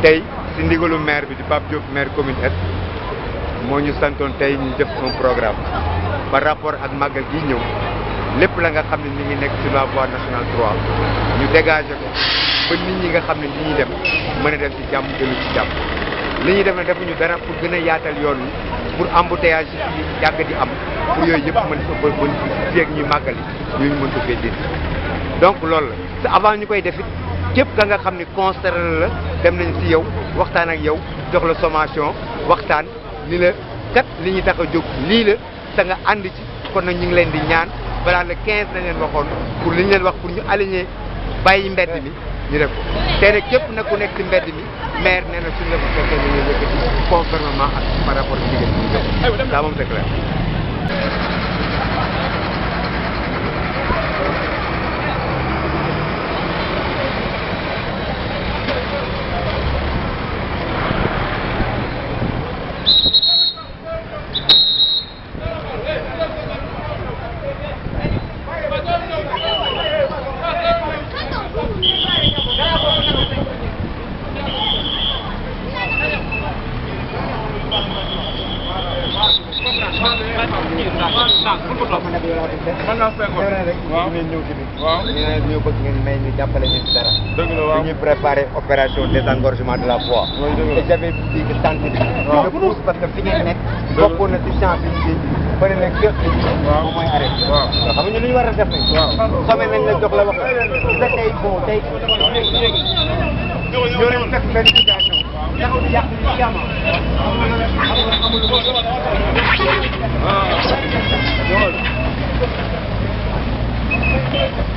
tey si meer bi di Pape Diop maire commune Est moo ñu santoon tey ñu def un programme par rapport ak màggal gi ñëw lépp la nga xam ne ñu ngi nekk ci la voie nationale 3 ñu dégagé ko ba nit ñi nga xam ne li ñuy dem mën a dem ci jàmm jëlu ci jàmm li ñuy dem ne defuñu dara pour gën a yaatal yoon wi pour embouteillage yi yàgg di am pour yooyu yëpp mën ba mën fii ak ñu màggal yi mën ko fee dindi donc loolu la te avant ñu koy def képp ka nga xam ne concerné la dem nañ si yow waxtaan ak yow jox la sommation waxtaan ni la kat li ñu tax a jóg lii la te nga ànd ci kon nag ñu ngi leen di ñaan balaa le 15 lañ leen waxoon pour li ñu leen wax pour ñu aligné bàyyi mbedd mi ñu def ko te nag képp nag ku nekk ci mbedd mi maire nee na suñu la ko fekkee ñu ngi yëkkati conformément ak par rapport ak jigéen ñi moom c'est clair waaw ñu ñëw ci bi waaw ñu ne ñu bëgg ngeen may ñu jàppale ñu ci dara dëgg la waaw ñu préparé opération désengorgement de la voie et j'avais dit que tant que je pousse parce que fi ngeen nekk bokk na ci champ bi ci bëri na kër gi moom mooy arrêté xam nga lu ñu war a def xame nañ la jox la wax la tey bon tey ñoo leen fekk benn situation taxaw di yàq li ci yàlla amul amul amul waaw